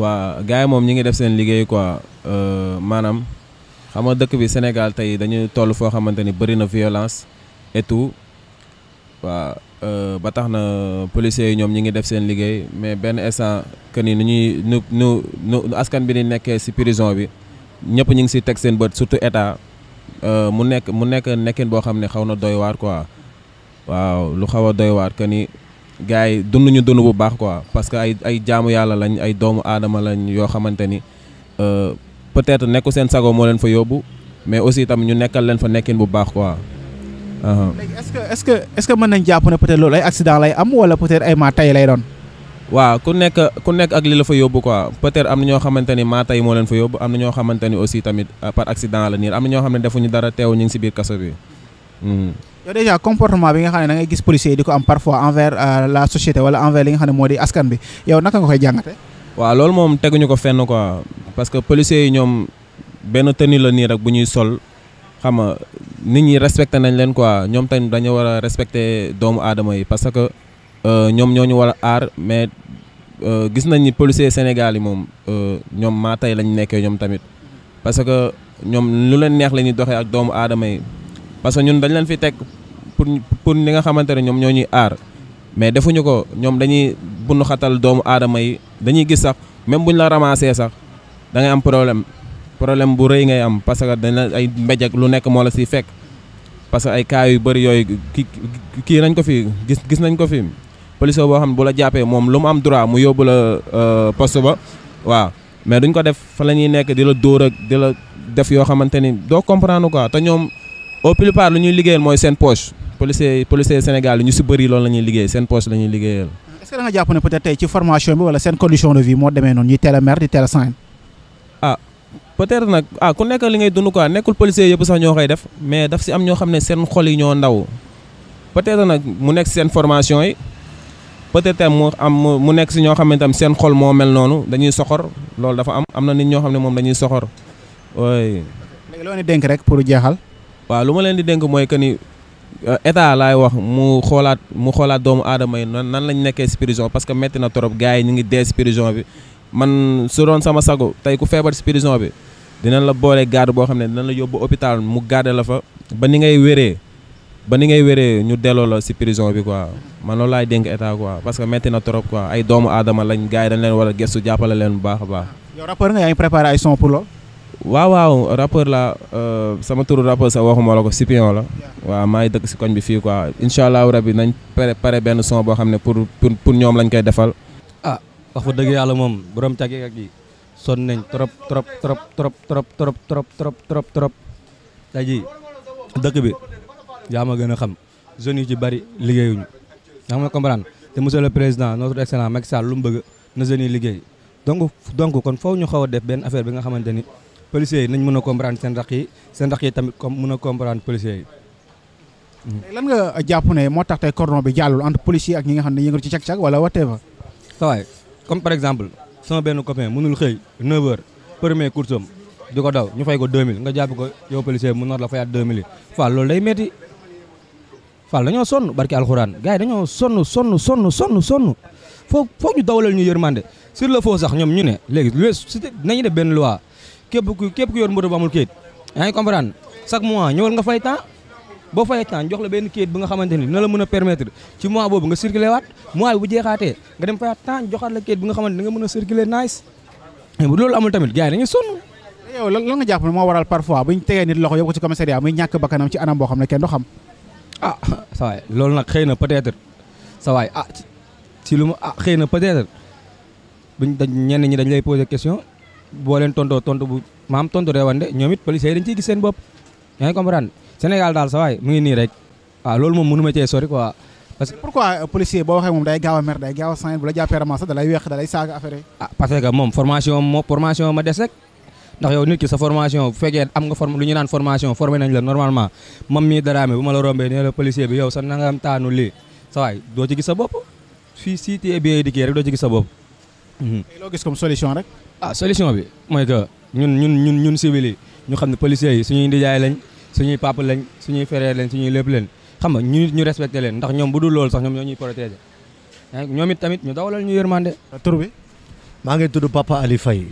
waa gars yi moom ñi ngi def seen liggéey quoi euh, maanaam xam nga dëkk bi Sénégal tey dañu toll foo xamante ni bëri na violence et tout waa euh, ba tax na policiers yi ñoom ñi ngi def seen liggéey mais benn instant que ni nu ñuy nu nu askan bi ni nekkee si prison bi ñëpp ñu ngi si teg seen bët surtout état euh, mu nekk mu nekk nekkin boo xam ne xaw na doy waar quoi waaw lu xaw doy waar que ni. gars yi dund ñu dund bu baax quoi parce que ay ay jaamu yàlla lañ ay doomu aadama lañ yoo xamante ni euh, peut-être nekku seen sago moo leen fa yóbbu mais aussi tam ñu nekkal leen fa nekkin bu baax quoi. léegi est-ce que est-ce que est-ce que mën nañ jàpp ne peut nekk ku nekk ak li la fa yóbbu quoi peut-être am na ñoo xamante ni maa tey moo leen fa yóbbu am na ñoo xamante ni aussi tamit euh, par accident la nii am na ñoo xam ne defuñu dara teew ñu ngi si biir kaso bi. Hmm. yow déjà comportement bi nga xam ne da ngay gis policier yi di ko am parfois envers euh, la société wala envers li nga xam ne moo di askan bi yow naka nga koy jàngate waaw loolu moom teguñu ko fenn quoi parce que policiers yi ñoom benn tenue la nii rek bu ñuy sol xam nga nit ñi respecté nañ leen quoi ñoom tamit dañu war a respecté doomu aadama yi parce que euh, ñoom ñooñu ñu aar mais euh, gis nañ ni policier Sénégal yi moom ñoom maa tey lañ nekkee ñoom tamit parce que ñoom lu leen neex la ñuy doxee ak doomu aadama yi. parce que ñun dañ leen fi teg pour ñu pour li nga xamante ne ñoom ñoo ñuy aar mais defuñu ko ñoom dañuy bunu xatal doomu aadama yi dañuy gis sax même buñ la ramassé sax da am problème problème bu rëy ngay am parce que dañ ay mbéj lu nekk moo siy fekk parce que ay cas yu bëri yooyu ki kii nañ ko fi gis gis nañ ko fi police boo xam ne bu la jàppee moom lu mu am droit mu yóbbu la euh, poste ba waaw mais duñ ko def fa la ñuy nekk di la dóor ak di la def yoo xamante ni doo comprendre quoi te ñoom. au plus part lu ñuy liggéeyal mooy seen poche policier policier Sénégal ñu si bëri loolu la liggéey seen poche la ñuy liggéeyal. est-ce que da nga jàpp ne peut-être tey ci formation bi wala seen condition de vie moo demee noonu ñuy teel a mer di teel a sañ ah nag ah ku nekk li ngay dund quoi nekkul policier yëpp sax ñoo koy def mais daf si am ñoo xam ne seen xol yi ñoo ndaw peut-être nag mu nekk seen formation yi. peut-être mu am mu nekk si ñoo xam ne seen xol moo mel noonu dañuy soxor loolu dafa am am na nit ñoo xam ne moom dañuy soxor léegi loo dénk rek pour jeexal. waaw lu ma leen di dénk mooy que ni euh, état laay wax mu xoolaat mu xoolaat doomu aadama yi nan nan lañ nekkee si prison parce que métti na trop gars yi ñu ngi dee si prison bi man su doon sama sago tey ku feebar si prison bi dinañ la boole garde boo xam ne dinañ la yóbbu hôpital mu garde la fa ba ni ngay wéree ba ni ngay wéree ñu delloo la si prison bi quoi man loolu laay dénk état quoi parce que métti na trop quoi ay doomu aadama lañ gars yi dañ leen war gestu gëstu jàppale leen bu baax a baax. waaw waaw rappeur la euh, sama turu rappeur sax waxuma la ko Sipion la waaw maa ngi dëkk si koñ bi fii quoi incha allahu rabi nañ pare pare benn son boo xam ne pour pour pour ñoom lañ koy defal. ah wax fa dëgg yàlla moom boroom càggee ak yi son nañ trop trop trop trop trop trop trop trop trop trop tey jii dëkk bi yaa ma gën a xam jeunes yu ci bari liggéeyuñu nga xam nga comprendre te monsieur le président notre excellent Macky Sall lu mu bëgg na jeunes yi liggéey donc donc kon foofu ñu xaw a benn affaire bi nga xamante ni. policiers yi nañ mën a comprendre seen rakk yi seen rakk yi tamit comme mën a comprendre policiers yi. lan nga jàpp ne moo tax tey cordon bi jàllul entre policier ak ñi nga xam ne yëngatu ci cag-cag wala watee fa. waaye benn copain mënul xëy 9h di ko daw ñu fay ko 2000 nga jàpp ko yow policier mu nar la fayaat 2000 yi Fall loolu day metti Fall dañoo sonn barki alxuraan gars yi dañoo sonn sonn sonn sonn sonn foog foog ñu dawalal ñu yërmande sur le faux sax ñoom ñu ne léegi lu wees dinañu def benn loi. kep ku kep ku yor moto bu amul kayit yaa ngi comprendre chaque mois ñëwal nga fay temps bo fay temps jox la ben kayit bi nga xamanteni na la mëna permettre ci mois bobu nga circuler wat mois bu jeexaatee nga dem fay temps joxat la kayit bi nga xamanteni nga mëna circuler nice bu loolu amul tamit gaay yi dañuy sonn yow lan nga jàpp mo waral parfois buñ tegee nit loxo yow ko ci commissariat muy ñak bakanam ci anam bo xam ne kenn du xam ah sa way loolu nak xeyna peut-être sa way ah ci luma ah, xeyna peut-être buñ dañ ñen ñi dañ lay poser question boo leen tondo bu mam tondo reewande ñoom it police yi dañ ci gis sen bop ñay ya, comprendre Sénégal dal sa way mu ngi ni rek ah loolu mom mënuma ci sori quoi. parce que pourquoi policier bo waxe mom day gaaw a mer day gaaw a sañ bu la jàppee ramas da lay weex da lay affaire ah parce que mom formation mo formation ma dess rek ndax yow nit ki sa formation bu am nga form lu ñu nane formation formé nañ la normalement mam mii bu ma la rombé né la policier bi yow sa nangam tanu li sa way do ci gis sa bop fi cité bi éduqué rek do ci gis sa bop Mhm. loo gis comme solution rek. Ah, solution bi mooy que ñun ñun ñun ñun civil yi ñu xam ne policiers yi suñuy ndijaay lañ suñuy papa lañ suñuy frère lañ suñuy lépp leen xam nga ñu ñu respecté leen ndax ñoom bu dul loolu sax ñoom ñoo ñuy protéger ñoom it tamit ñu dawalal ñu yërmande. tur bi. maa ngi tudd Papa Ali Faye.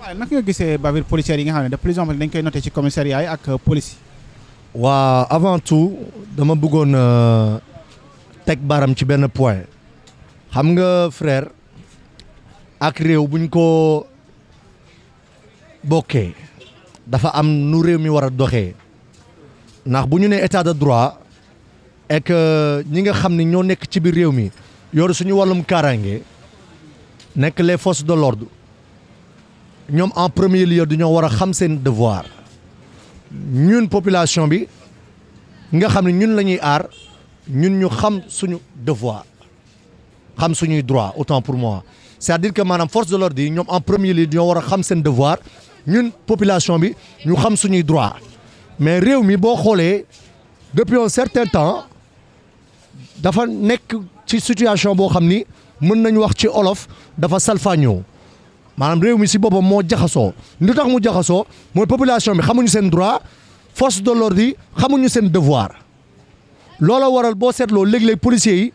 waaw naka nga gisee bavure policière yi nga xam ne de dañ koy noté ci commissariat yi ak euh, police. waa avant tout dama bëggoon euh, teg baram ci benn point xam nga frère. ak réew buñ ko bokkee dafa am nu réew mi war a doxee ndax bu ñu nee état de droit ek ñi nga xam ne ñoo nekk ci biir réew mi yoru suñu wàllum kaaraange nekk les forces de l'ordre ñoom en premier lieu dañoo war a xam seen devoir ñun population bi nga xam ne ñun la ñuy aar ñun ñu xam suñu devoir xam suñuy droit autant pour moi c'est-à-dire que maanaam force de l'ordre yi en premier lieu ñoo war a xam seen devoir ñun population bi ñu xam suñuy droit mais réew mi boo depuis un certain temps dafa nekk ci situation boo xam ni mën nañu wax ci olof dafa salfaañoo maanaam réew mi si boppam moo jaxasoo lu tax mu jaxasoo mooy population bi xamuñu seen droit force de l'ordre yi xamuñu seen devoir loola waral bo setlo leg leg policier yi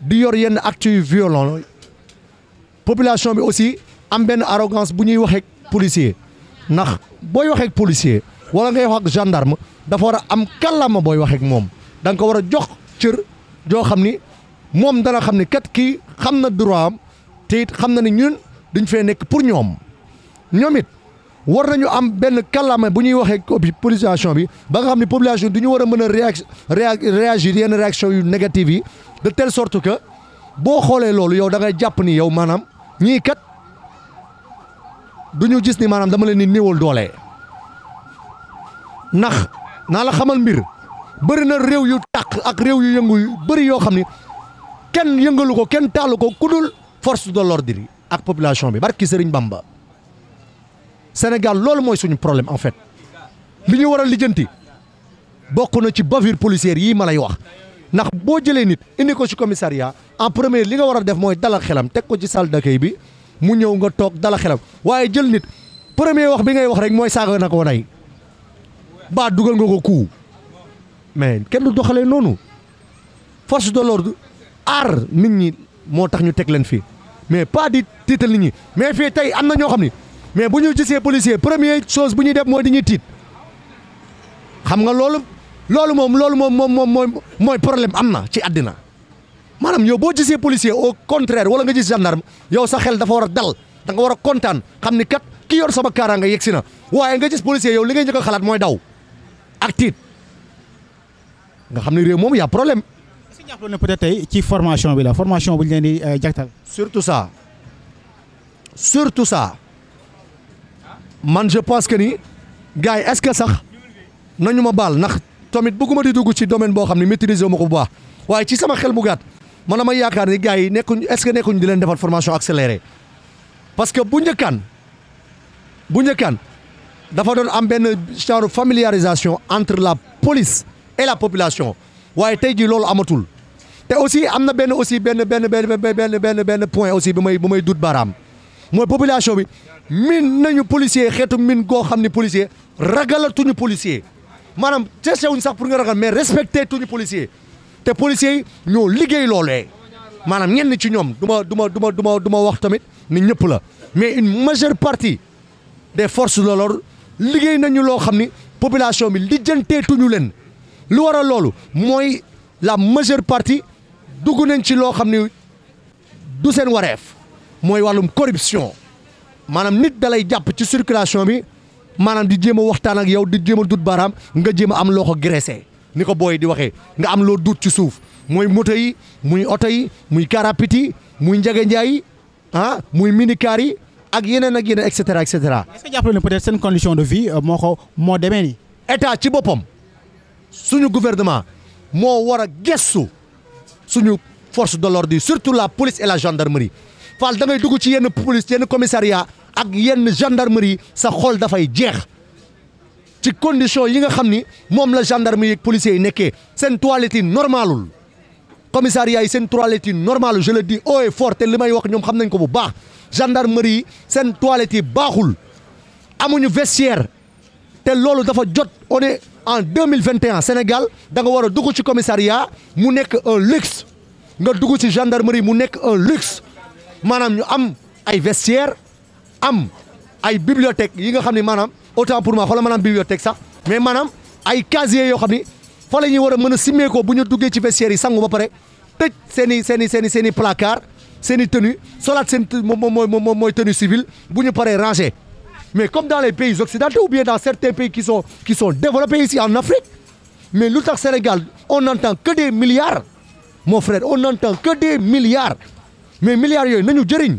di yor yenn actes yu violents population bi aussi am benn arrogance bu ñuy waxee policier ndax booy waxee policier wala ngay wax ak gendarme dafa war a am kàllaama booy waxeek moom da nga ko war a jox cër joo xam ni moom dana xam ni kat kii xam na droit am te it xam na ni ñun duñ fee nekk pour ñoom ñoom it war nañu am benn kàllaama bu ñuy waxee population bi ba nga xam ne population du ñu war a mën a réagir yenn réaction yu négative yi de telle sorte que boo xoolee loolu yow da ngay jàpp ni yow maanaam ñii kat du ñu gis ni maanaam dama leen di néewal doole ndax naa la xamal mbir bëri na réew yu tàq ak réew yu yëngu yu bëri yoo xam ni kenn yëngalu ko kenn taalu ko ku dul force de l'ordre ak population bi barki Sëriñ Bamba Sénégal loolu mooy suñu problème en fait li ñu war a lijjanti bokk na ci bavure policière yii ma lay wax. ndax boo jëlee nit indi ko si commissariat en premier li nga war a def mooy dalal xelam teg ko ci salle d'accueil bi mu ñëw nga toog dalal xelam waaye jël nit premier wax bi ngay wax rek mooy saaga na ko nay baa dugal nga ko kuu mais kenn du doxalee noonu force de l'ordre aar nit ñi moo tax ñu teg leen fii mais pas di tiital nit ñi mais fii tey am na ñoo xam ni mais bu ñu gisee policier premier chose bu ñuy def mooy di ñuy tiit xam nga loolu loolu moom loolu moom moom moom mooy mooy problème am na ci àddina maanaam yow boo gisee policier au contraire wala nga gis gendarme yow sax xel dafa war a dal danga war a kontaan xam ni kat ki yor sama kaaraanga yegg si na waaye nga gis policier yow li ngay njëkk a xalaat mooy daw ak tiit nga xam ne réew moom y'a problème. est-ce peut tey ci formation bi la formation bu ñu leen di euh, jagtal. surtout ça surtout ça man je pense que ni gars yi est-ce que sax nañu ma baal ndax. tamit bëgguma di dugg ci domaine boo xam ne maîtriser wu ma ko bu baax waaye ci sama xel bu gàtt man dama yaakaar ni gars yi nekkuñ est-ce que nekkuñ di leen defal formation accélérée parce que bu njëkkaan bu njëkkaan dafa doon am benn genre familiarisation entre la police et la population waaye tey jii loolu amatul te aussi am na benn aussi benn benn benn benn benn benn point aussi bu may bu may dut baaraam mooy population bi min nañu policier xeetu min goo xam ne policier ragalatuñu policier Maman, cherché wuñ sax pour nga ragal mais respecté tuñu policier te policiers yi ñoo liggéey loolee ñenn ci ñom duma ma duma duma du wax tamit ni ñëpp la mais une majeure partie des forces de l'ordre liggéey nañu lo xamni ni population bi tuñu len lu waral loolu moy la majeure partie duggu nañ ci lo xamni ni du sen wareef moy walum corruption manam nit dalay japp ci circulation bi maanaam di jéem a waxtaan ak yow di jéem a dut baaraam nga jéem a am loo ko graissé ni ko booy di waxee nga am loo dut ci suuf mooy moto yi muy oto muy karapit muy njage njaay ah muy minicar yi ak yeneen ak yeneen et cetera et cetera. est-ce peut-être seen condition de euh, moo ko moo demee nii. état ci boppam suñu gouvernement moo war a gëstu suñu force de l'ordre yi surtout la police et la gendarmerie Fall da dugg ci yenn police yenn commissariat. ak yenn gendarmerie sa xool dafay jeex ci condition yi nga xam ni moom la gendarmerie ak policiers yi nekkee seen toilette yi normalul commissariat yi seen toilette yi normalul je le dis haut et fort te li may wax ñoom xam nañ ko bu baax gendarmerie yi seen toilette yi baaxul amuñu vestiaire te loolu dafa jot on en deux mille vingt et Sénégal danga nga war a dugg ci commissariat mu nekk un luxe nga dugg ci gendarmerie mu nekk un luxe maanaam ñu am ay vestiaire am ay bibliothèque yi nga xamni manam autant pour moi xol une bibliothèque sax mais manam ay casier yo xamni fa a des casiers. Il faut ci vestiaire yi sangu ba paré tej seen i seen i placard seen tenue solaat seen moom mooy moom tenue civile mais comme dans les pays occidentaux ou bien dans certains pays qui sont qui sont développés ici en Afrique mais lutar Sénégal on n'entend que des milliards mon frère on n'entend que des milliards mais milliards yoy nañu jëriñ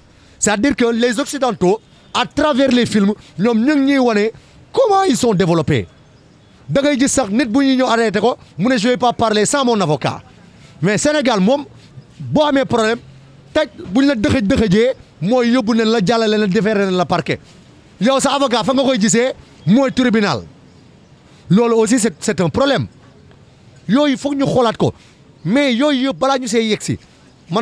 C'est-à-dire que les Occidentaux, à travers les films, nous avons comment ils sont développés. Je ne vais pas parler sans mon avocat mais Sénégal il y a problème problèmes. buñ la que si la la parquet avocat tribunal aussi c'est un problème il faut que nous ko mais ñu nous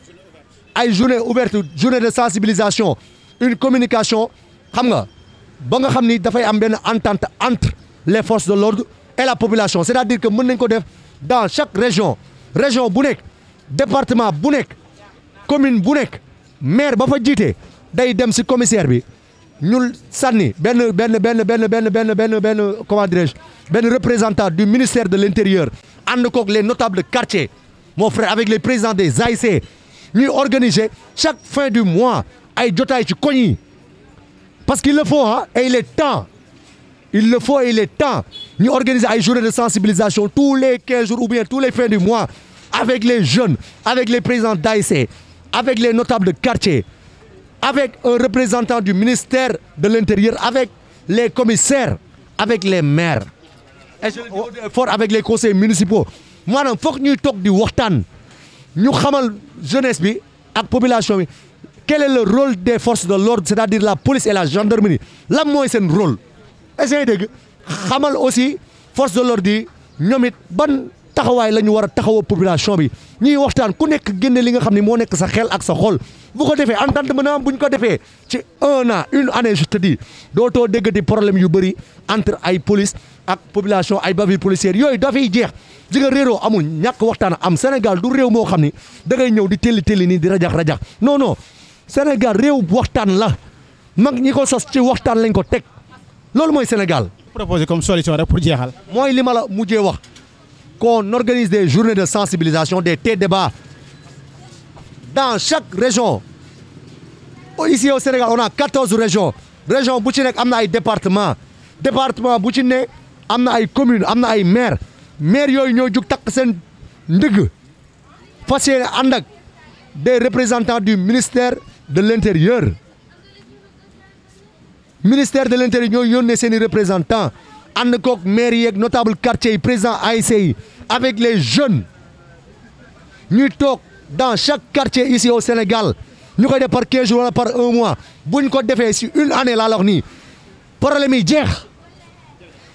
Une journée ouverte une journée de sensibilisation une communication xam nga ba nga entente entre les forces de l'ordre et la population c'est-à-dire que nous avons dans chaque région région bu département bu commune bu maire ba fa day commissaire nous, ñu ben représentant du ministère de l'intérieur les notables quartiers mon frère avec les présidents des AIC nous organiser chaque fin du mois ay jotaay ci parce qu'il le faut hein, et il est temps il le faut et il est temps Nous organiser ay journées de sensibilisation tous les 15 jours ou bien tous les fins du mois avec les jeunes avec les présidents d'Aïsé, avec les notables de quartier avec un représentant du ministère de l'Intérieur avec les commissaires avec les maires et je fort avec les conseils municipaux faut que nous parlions du Wachtan. ñu xamal jeunesse bi ak population bi quel est le rôle des forces de l'ordre c'est-à-dire la police et la gendarmerie lan mooy seen role essayé dégg xamal aussi force de l'ordre yi ñoom it ban taxawaay la ñu war a taxawoo population bi ñuy waxtaan ku nekk génne li nga xam ne moo nekk sa xel ak sa xol bu ko defee entente mën a am bu ñu ko defee ci un an une année je te dis dootoo déggati problème yu bëri entre ay police ak population ay bavure policière yooyu dafay jeex di nga réeroo amul ñàkk waxtaan am Sénégal du rew mo xamni da ngay ñew di telli telli ni di rajax rajax non non Sénégal rew waxtaan la mag ñi ko sos ci waxtaan lañ ko tek lool moy Sénégal. proposé comme solution rek pour jeexal. moy lima la mujjé wax qu'on organise des journées de sensibilisation des thé débats dans chaque région ici au Sénégal on a 14 régions région bu ci nekk amna ay département département bu ci ne il ay commune communes, ay maire maire yoy ñoo jug tak des représentants du ministère de l'Intérieur. Le ministère de l'Intérieur est ñoo des représentants. Il représentants a des maire yek notable quartier présents à ASC avec les jeunes Nous sommes dans chaque quartier ici au Sénégal Nous koy par 15 jours par un mois Nous avons ko une année là la wax ni problème yi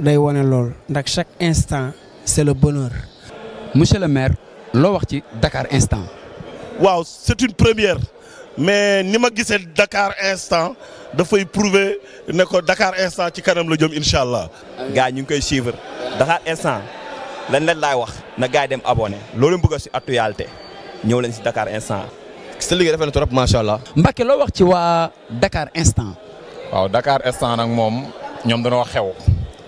day wane lool ndax chaque instant c'est le bonheur. monsieur le maire loo wax ci Dakar instant. Wow, c'est une première mais ni ma gisee Dakar instant faut prouver que Dakar instant ci kanam la jëm incha allah. gars ñu ngi koy suivre Dakar instant je leen laay wax na gars dem abonné loolu bëgg si actualité ñëw leen si Dakar instant. C'est ce que na trop MashaAllah. allah. Mbacké loo wax ci Dakar instant. Wow, Dakar instant nag moom ñoom dañoo xew.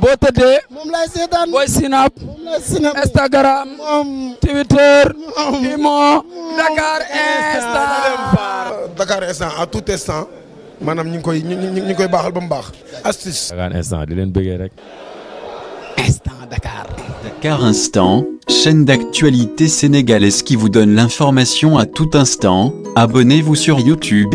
boo de lay Instagram. Twitter. Imo. Dakar instant. Dakar instant à tout instant. Madame, ñu ngi koy ñu astuce. Dakar instant Dylan leen Instant Dakar. Dakar Instant, chaîne d'actualité sénégalaise qui vous donne l'information à tout instant. Abonnez-vous sur YouTube